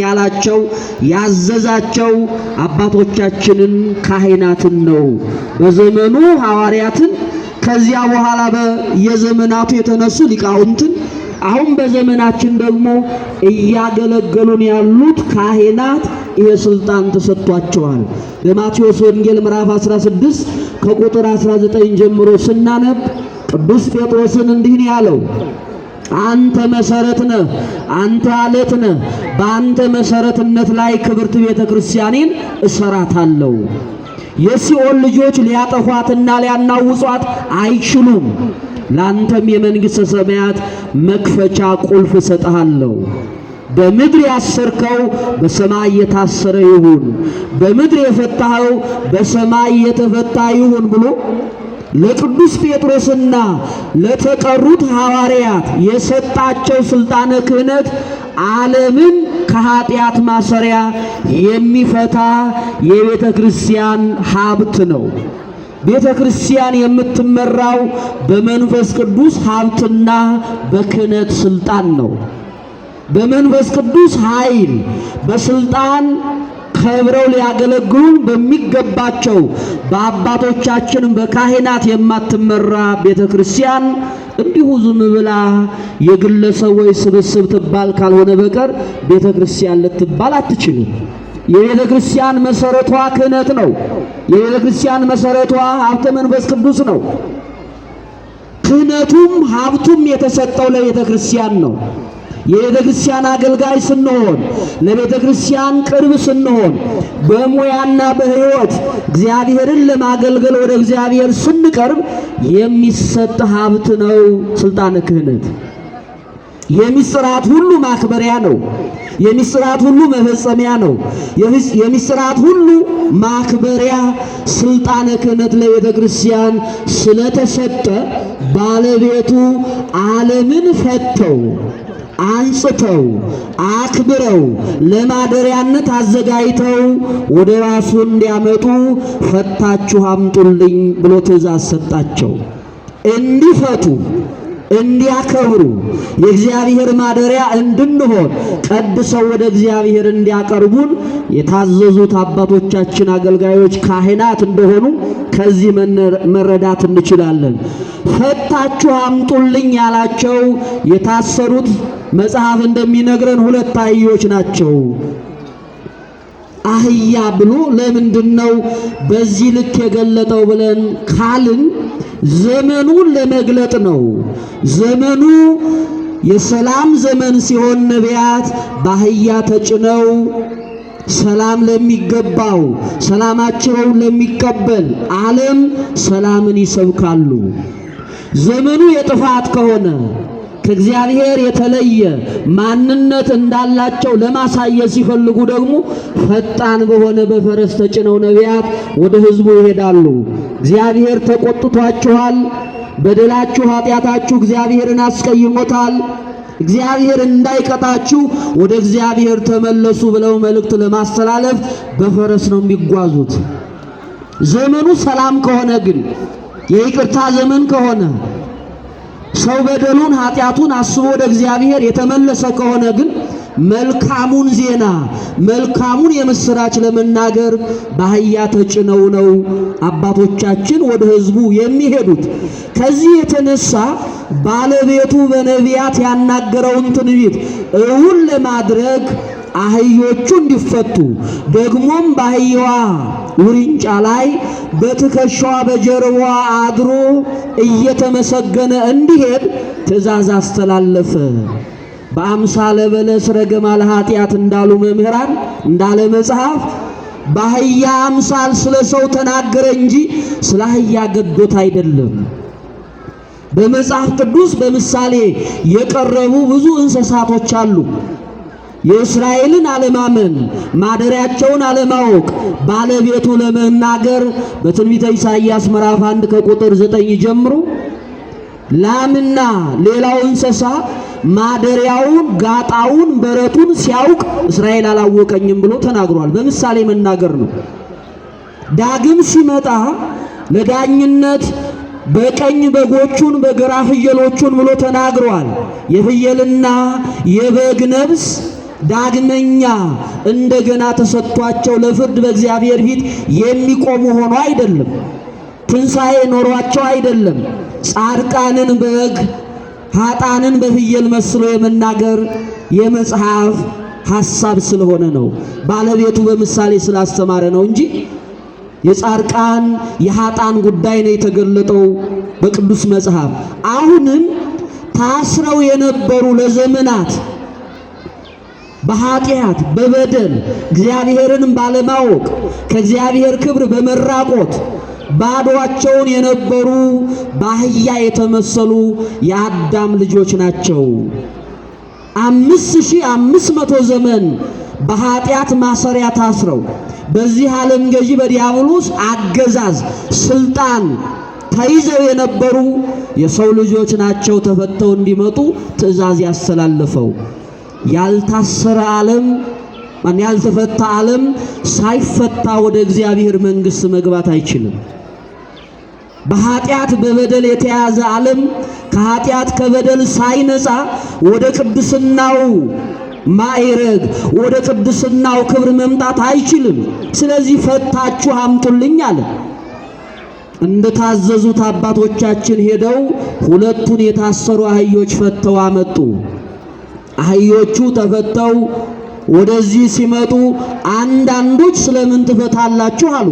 ያላቸው ያዘዛቸው አባቶቻችንን ካህናትን ነው። በዘመኑ ሐዋርያትን፣ ከዚያ በኋላ በየዘመናቱ የተነሱ ሊቃውንትን፣ አሁን በዘመናችን ደግሞ እያገለገሉን ያሉት ካህናት ይሄ ስልጣን ተሰጥቷቸዋል። በማቴዎስ ወንጌል ምዕራፍ 16 ከቁጥር 19 ጀምሮ ስናነብ ቅዱስ ጴጥሮስን እንዲህ ያለው አንተ መሰረት ነህ፣ አንተ አለት ነህ። በአንተ መሰረትነት ላይ ክብርት ቤተ ክርስቲያኔን እሰራታለሁ። የሲኦል ልጆች ሊያጠፏትና ሊያናውጿት አይችሉም። ላንተም የመንግሥተ ሰማያት መክፈቻ ቁልፍ እሰጥሃለሁ። በምድር ያሰርከው በሰማይ የታሰረ ይሁን፣ በምድር የፈታኸው በሰማይ የተፈታ ይሁን ብሎ ለቅዱስ ጴጥሮስና ለተቀሩት ሐዋርያት የሰጣቸው ሥልጣነ ክህነት ዓለምን ከኃጢአት ማሰሪያ የሚፈታ የቤተ ክርስቲያን ሀብት ነው። ቤተ ክርስቲያን የምትመራው በመንፈስ ቅዱስ ሀብትና በክህነት ሥልጣን ነው። በመንፈስ ቅዱስ ኃይል በሥልጣን ከብረው ሊያገለግሉን በሚገባቸው በአባቶቻችን በካህናት የማትመራ ቤተ ክርስቲያን እንዲሁ ዝም ብላ ወይ ስብስብ ትባል ካልሆነ በቀር ቤተ ክርስቲያን ልትባል አትችልም። የቤተ ክርስቲያን መሰረቷ ክህነት ነው። የቤተ ክርስቲያን መሰረቷ ሀብተ መንፈስ ቅዱስ ነው። ክህነቱም ሀብቱም የተሰጠው ለቤተ ክርስቲያን ነው። የቤተ ክርስቲያን አገልጋይ ስንሆን፣ ለቤተ ክርስቲያን ቅርብ ስንሆን፣ በሙያና በሕይወት እግዚአብሔርን ለማገልገል ወደ እግዚአብሔር ስንቀርብ የሚሰጥ ሀብት ነው ስልጣነ ክህነት። የሚስራት ሁሉ ማክበሪያ ነው። የሚስራት ሁሉ መፈጸሚያ ነው። የሚስራት ሁሉ ማክበሪያ ስልጣነ ክህነት ለቤተ ክርስቲያን ስለተሰጠ ባለቤቱ ዓለምን ፈተው አንጽተው አክብረው ለማደሪያነት አዘጋጅተው ወደ ራሱ እንዲያመጡ ፈታችሁ አምጡልኝ ብሎ ትእዛዝ ሰጣቸው። እንዲፈቱ እንዲያከብሩ የእግዚአብሔር ማደሪያ እንድንሆን ቀድሰው ወደ እግዚአብሔር እንዲያቀርቡን የታዘዙት አባቶቻችን አገልጋዮች ካህናት እንደሆኑ ከዚህ መረዳት እንችላለን። ፈታችሁ አምጡልኝ ያላቸው የታሰሩት መጽሐፍ እንደሚነግረን ሁለት አህዮች ናቸው። አህያ ብሎ ለምንድን ነው በዚህ ልክ የገለጠው ብለን ካልን ዘመኑን ለመግለጥ ነው። ዘመኑ የሰላም ዘመን ሲሆን ነቢያት ባህያ ተጭነው ሰላም ለሚገባው ሰላማቸውን ለሚቀበል ዓለም ሰላምን ይሰብካሉ። ዘመኑ የጥፋት ከሆነ ከእግዚአብሔር የተለየ ማንነት እንዳላቸው ለማሳየት ሲፈልጉ ደግሞ ፈጣን በሆነ በፈረስ ተጭነው ነቢያት ወደ ሕዝቡ ይሄዳሉ። እግዚአብሔር ተቆጥቷችኋል፣ በደላችሁ፣ ኃጢአታችሁ እግዚአብሔርን አስቀይሞታል። እግዚአብሔር እንዳይቀጣችሁ ወደ እግዚአብሔር ተመለሱ ብለው መልእክት ለማስተላለፍ በፈረስ ነው የሚጓዙት። ዘመኑ ሰላም ከሆነ ግን የይቅርታ ዘመን ከሆነ ሰው በደሉን ኃጢአቱን አስቦ ወደ እግዚአብሔር የተመለሰ ከሆነ ግን መልካሙን ዜና መልካሙን የምስራች ለመናገር በአህያ ተጭነው ነው አባቶቻችን ወደ ሕዝቡ የሚሄዱት። ከዚህ የተነሳ ባለቤቱ በነቢያት ያናገረውን ትንቢት እውን ለማድረግ አህዮቹ እንዲፈቱ ደግሞም በአህያዋ ውርንጫ ላይ በትከሻዋ በጀርባዋ አድሮ እየተመሰገነ እንዲሄድ ትእዛዝ አስተላለፈ። በአምሳለ በለስ ረገማ ለኃጢአት እንዳሉ መምህራን እንዳለ መጽሐፍ በአህያ አምሳል ስለ ሰው ተናገረ እንጂ ስለ አህያ ገዶት አይደለም። በመጽሐፍ ቅዱስ በምሳሌ የቀረቡ ብዙ እንስሳቶች አሉ። የእስራኤልን አለማመን ማደሪያቸውን አለማወቅ ባለቤቱ ለመናገር በትንቢተ ኢሳይያስ ምዕራፍ አንድ ከቁጥር ዘጠኝ ጀምሮ ላምና ሌላው እንስሳ ማደሪያውን፣ ጋጣውን፣ በረቱን ሲያውቅ እስራኤል አላወቀኝም ብሎ ተናግሯል። በምሳሌ መናገር ነው። ዳግም ሲመጣ ለዳኝነት በቀኝ በጎቹን በግራ ፍየሎቹን ብሎ ተናግሯል። የፍየልና የበግ ነብስ ዳግመኛ እንደገና ተሰጥቷቸው ለፍርድ በእግዚአብሔር ፊት የሚቆሙ ሆኖ አይደለም። ትንሣኤ ኖሯቸው አይደለም። ጻድቃንን በግ ኃጣንን በፍየል መስሎ የመናገር የመጽሐፍ ሐሳብ ስለሆነ ነው። ባለቤቱ በምሳሌ ስላስተማረ ነው እንጂ የጻድቃን የኃጣን ጉዳይ ነው የተገለጠው በቅዱስ መጽሐፍ። አሁንም ታስረው የነበሩ ለዘመናት በኃጢአት በበደል እግዚአብሔርንም ባለማወቅ ከእግዚአብሔር ክብር በመራቆት ባዶአቸውን የነበሩ በአህያ የተመሰሉ የአዳም ልጆች ናቸው። አምስት ሺህ አምስት መቶ ዘመን በኃጢአት ማሰሪያ ታስረው በዚህ ዓለም ገዢ በዲያብሎስ አገዛዝ ስልጣን ተይዘው የነበሩ የሰው ልጆች ናቸው። ተፈተው እንዲመጡ ትእዛዝ ያስተላልፈው ያልታሰረ ዓለም ማን ያልተፈታ ዓለም ሳይፈታ ወደ እግዚአብሔር መንግሥት መግባት አይችልም። በኃጢአት በበደል የተያዘ ዓለም ከኃጢአት ከበደል ሳይነጻ ወደ ቅድስናው ማይረግ ወደ ቅድስናው ክብር መምጣት አይችልም። ስለዚህ ፈታችሁ አምጡልኝ አለ። እንደታዘዙት አባቶቻችን ሄደው ሁለቱን የታሰሩ አህዮች ፈተው አመጡ። አህዮቹ ተፈተው ወደዚህ ሲመጡ አንዳንዶች ስለምን ትፈታላችሁ አሉ።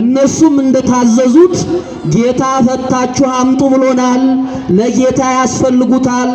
እነሱም እንደታዘዙት ጌታ ፈታችሁ አምጡ ብሎናል፣ ለጌታ ያስፈልጉታል።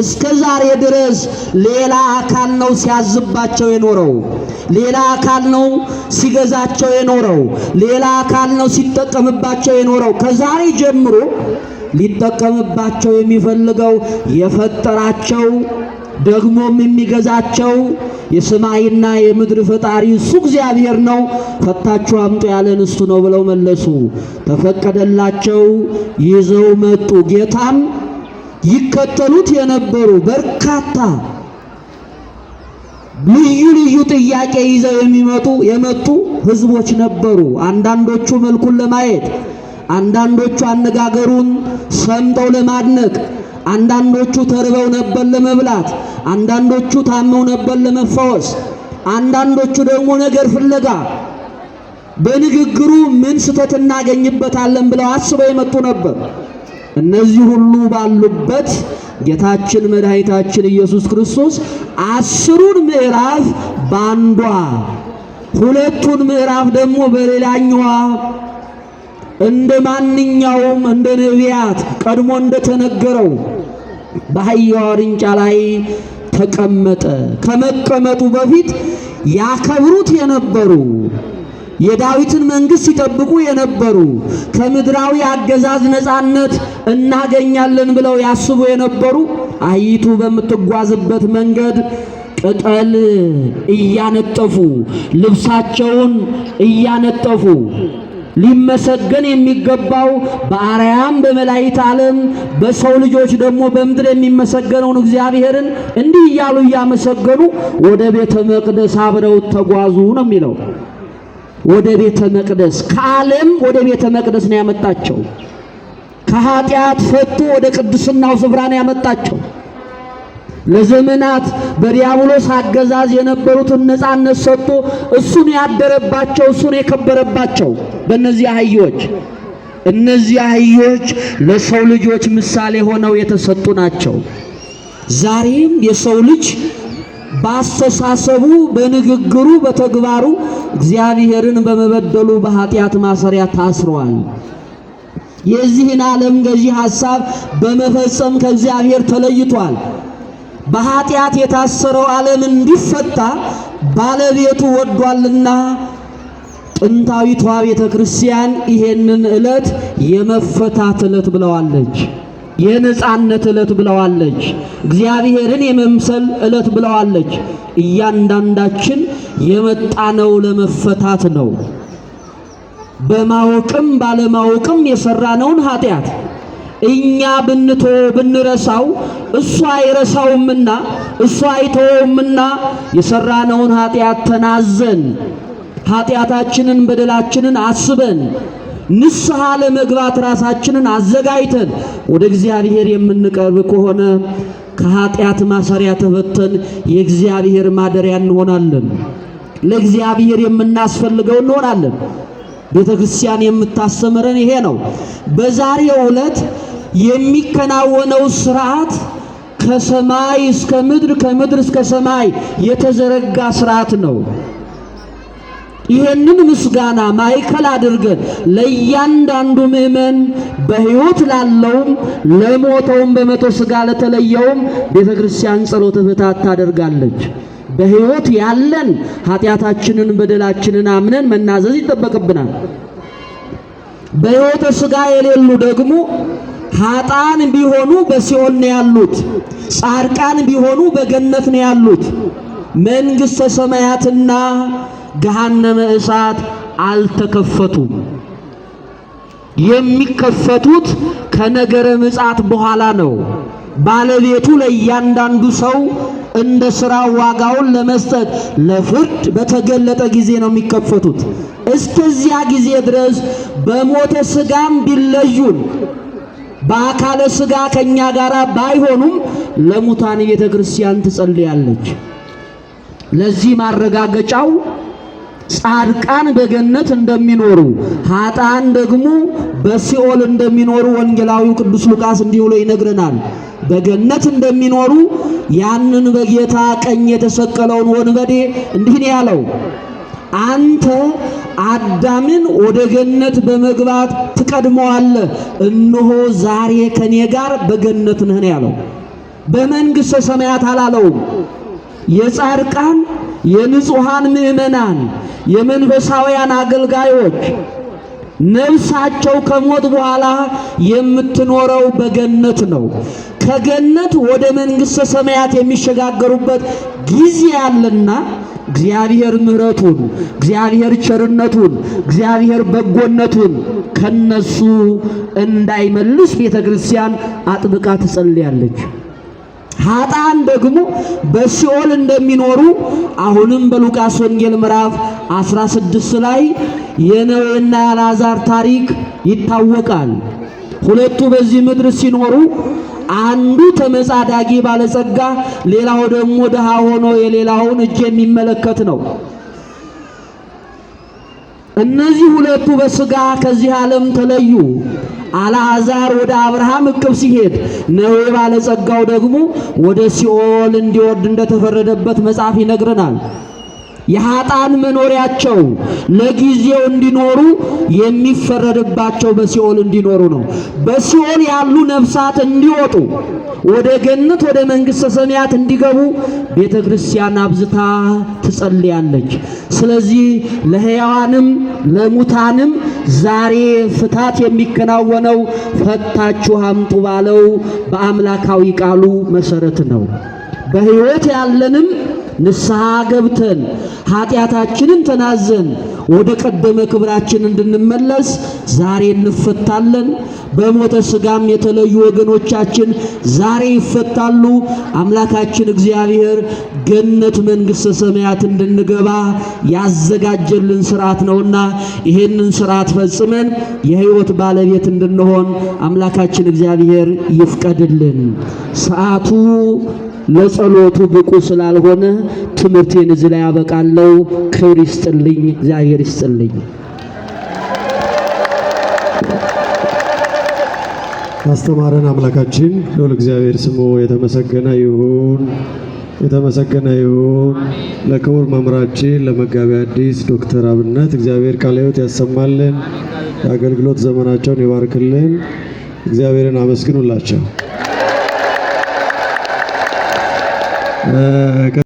እስከ ዛሬ ድረስ ሌላ አካል ነው ሲያዝባቸው የኖረው፣ ሌላ አካል ነው ሲገዛቸው የኖረው፣ ሌላ አካል ነው ሲጠቀምባቸው የኖረው። ከዛሬ ጀምሮ ሊጠቀምባቸው የሚፈልገው የፈጠራቸው ደግሞም የሚገዛቸው የሰማይና የምድር ፈጣሪ እሱ እግዚአብሔር ነው፣ ፈታችሁ አምጡ ያለን እሱ ነው ብለው መለሱ። ተፈቀደላቸው፣ ይዘው መጡ። ጌታም ይከተሉት የነበሩ በርካታ ልዩ ልዩ ጥያቄ ይዘው የሚመጡ የመጡ ህዝቦች ነበሩ። አንዳንዶቹ መልኩን ለማየት አንዳንዶቹ አነጋገሩን ሰምተው ለማድነቅ፣ አንዳንዶቹ ተርበው ነበር ለመብላት፣ አንዳንዶቹ ታመው ነበር ለመፈወስ፣ አንዳንዶቹ ደግሞ ነገር ፍለጋ በንግግሩ ምን ስህተት እናገኝበታለን ብለው አስበው የመጡ ነበር። እነዚህ ሁሉ ባሉበት ጌታችን መድኃኒታችን ኢየሱስ ክርስቶስ አስሩን ምዕራፍ ባንዷ ሁለቱን ምዕራፍ ደግሞ በሌላኛዋ እንደ ማንኛውም እንደ ነቢያት ቀድሞ እንደተነገረው በአህያዋ ውርንጫ ላይ ተቀመጠ። ከመቀመጡ በፊት ያከብሩት የነበሩ የዳዊትን መንግሥት ሲጠብቁ የነበሩ ከምድራዊ አገዛዝ ነፃነት እናገኛለን ብለው ያስቡ የነበሩ አህይቱ በምትጓዝበት መንገድ ቅጠል እያነጠፉ ልብሳቸውን እያነጠፉ ሊመሰገን የሚገባው በአርያም በመላእክት ዓለም በሰው ልጆች ደግሞ በምድር የሚመሰገነውን እግዚአብሔርን እንዲህ እያሉ እያመሰገኑ ወደ ቤተ መቅደስ አብረው ተጓዙ ነው የሚለው። ወደ ቤተ መቅደስ ከዓለም ወደ ቤተ መቅደስ ነው ያመጣቸው። ከኃጢአት ፈቱ ወደ ቅድስናው ስፍራ ነው ያመጣቸው። ለዘመናት በዲያብሎስ አገዛዝ የነበሩትን ነፃነት ሰጥቶ እሱን ያደረባቸው እሱን የከበረባቸው በእነዚህ አህዮች እነዚህ አህዮች ለሰው ልጆች ምሳሌ ሆነው የተሰጡ ናቸው። ዛሬም የሰው ልጅ በአስተሳሰቡ፣ በንግግሩ፣ በተግባሩ እግዚአብሔርን በመበደሉ በኃጢአት ማሰሪያ ታስሯል። የዚህን ዓለም ገዢ ሐሳብ በመፈጸም ከእግዚአብሔር ተለይቷል። በኃጢአት የታሰረው ዓለም እንዲፈታ ባለቤቱ ወዷልና። ጥንታዊቷ ቤተ ክርስቲያን ይሄንን ዕለት የመፈታት ዕለት ብለዋለች። የነጻነት ዕለት ብለዋለች። እግዚአብሔርን የመምሰል ዕለት ብለዋለች። እያንዳንዳችን የመጣነው ለመፈታት ነው። በማወቅም ባለማወቅም የሰራነውን ኃጢአት እኛ ብንቶ ብንረሳው እሱ አይረሳውምና እሱ አይተወውምና የሰራነውን ኃጢአት ተናዘን ኃጢአታችንን በደላችንን አስበን ንስሐ ለመግባት ራሳችንን አዘጋጅተን ወደ እግዚአብሔር የምንቀርብ ከሆነ ከኃጢአት ማሰሪያ ተበተን የእግዚአብሔር ማደሪያ እንሆናለን። ለእግዚአብሔር የምናስፈልገው እንሆናለን። ቤተ ክርስቲያን የምታስተምረን ይሄ ነው። በዛሬው ዕለት የሚከናወነው ስርዓት ከሰማይ እስከ ምድር ከምድር እስከ ሰማይ የተዘረጋ ስርዓት ነው። ይህንን ምስጋና ማዕከል አድርገን ለእያንዳንዱ ምእመን በሕይወት ላለውም ለሞተውም በመቶ ሥጋ ለተለየውም ቤተ ክርስቲያን ጸሎተ ፍትሐት ታደርጋለች። በሕይወት ያለን ኃጢአታችንን በደላችንን አምነን መናዘዝ ይጠበቅብናል። በሕይወተ ሥጋ የሌሉ ደግሞ ሀጣን ቢሆኑ በሲኦል ነው ያሉት፣ ጻድቃን ቢሆኑ በገነት ነው ያሉት። መንግሥተ ሰማያትና ገሃነመ እሳት አልተከፈቱም። የሚከፈቱት ከነገረ ምጽአት በኋላ ነው። ባለቤቱ ለእያንዳንዱ ሰው እንደ ሥራ ዋጋውን ለመስጠት ለፍርድ በተገለጠ ጊዜ ነው የሚከፈቱት። እስከዚያ ጊዜ ድረስ በሞተ ሥጋም ቢለዩን በአካለ ሥጋ ከኛ ጋር ባይሆኑም ለሙታን ቤተ ክርስቲያን ትጸልያለች። ለዚህ ማረጋገጫው ጻድቃን በገነት እንደሚኖሩ ኃጥአን ደግሞ በሲኦል እንደሚኖሩ ወንጌላዊው ቅዱስ ሉቃስ እንዲህ ብሎ ይነግረናል። በገነት እንደሚኖሩ ያንን በጌታ ቀኝ የተሰቀለውን ወንበዴ እንዲህ ነው ያለው አንተ አዳምን ወደ ገነት በመግባት ትቀድመዋለህ። እነሆ ዛሬ ከኔ ጋር በገነት ነህን ያለው በመንግሥተ ሰማያት አላለውም። የጻድቃን የንጹሃን ምእመናን የመንፈሳውያን አገልጋዮች ነፍሳቸው ከሞት በኋላ የምትኖረው በገነት ነው። ከገነት ወደ መንግሥተ ሰማያት የሚሸጋገሩበት ጊዜ አለና እግዚአብሔር ምሕረቱን፣ እግዚአብሔር ቸርነቱን፣ እግዚአብሔር በጎነቱን ከነሱ እንዳይመልስ ቤተ ክርስቲያን አጥብቃ ትጸልያለች። ሀጣን ደግሞ በሲኦል እንደሚኖሩ አሁንም በሉቃስ ወንጌል ምዕራፍ 16 ላይ የነዌና የአልዓዛር ታሪክ ይታወቃል። ሁለቱ በዚህ ምድር ሲኖሩ አንዱ ተመጻዳጊ ባለጸጋ፣ ሌላው ደግሞ ድሃ ሆኖ የሌላውን እጅ የሚመለከት ነው። እነዚህ ሁለቱ በስጋ ከዚህ ዓለም ተለዩ። አልዓዛር ወደ አብርሃም እቅፍ ሲሄድ ነው ባለጸጋው ደግሞ ወደ ሲኦል እንዲወርድ እንደተፈረደበት መጽሐፍ ይነግረናል። የሃጣን መኖሪያቸው ለጊዜው እንዲኖሩ የሚፈረድባቸው በሲኦል እንዲኖሩ ነው። በሲኦል ያሉ ነፍሳት እንዲወጡ ወደ ገነት ወደ መንግሥተ ሰማያት እንዲገቡ ቤተ ክርስቲያን አብዝታ ትጸልያለች። ስለዚህ ለሕያዋንም ለሙታንም ዛሬ ፍታት የሚከናወነው ፈታችሁ አምጡ ባለው በአምላካዊ ቃሉ መሰረት ነው። በሕይወት ያለንም ንስሐ ገብተን ኃጢአታችንን ተናዘን ወደ ቀደመ ክብራችን እንድንመለስ ዛሬ እንፈታለን። በሞተ ሥጋም የተለዩ ወገኖቻችን ዛሬ ይፈታሉ። አምላካችን እግዚአብሔር ገነት መንግሥተ ሰማያት እንድንገባ ያዘጋጀልን ስርዓት ነውና ይሄንን ስርዓት ፈጽመን የሕይወት ባለቤት እንድንሆን አምላካችን እግዚአብሔር ይፍቀድልን። ሰዓቱ ለጸሎቱ ብቁ ስላልሆነ ትምህርቴን እዚህ ላይ አበቃለሁ። ክብር ይስጥልኝ፣ እግዚአብሔር ይስጥልኝ። አስተማረን አምላካችን ሁል እግዚአብሔር ስሙ የተመሰገነ ይሁን የተመሰገነ ይሁን። ለክቡር መምራችን ለመጋቢ አዲስ ዶክተር አብነት እግዚአብሔር ቃለ ሕይወት ያሰማልን፣ የአገልግሎት ዘመናቸውን ይባርክልን። እግዚአብሔርን አመስግኑላቸው። 跟。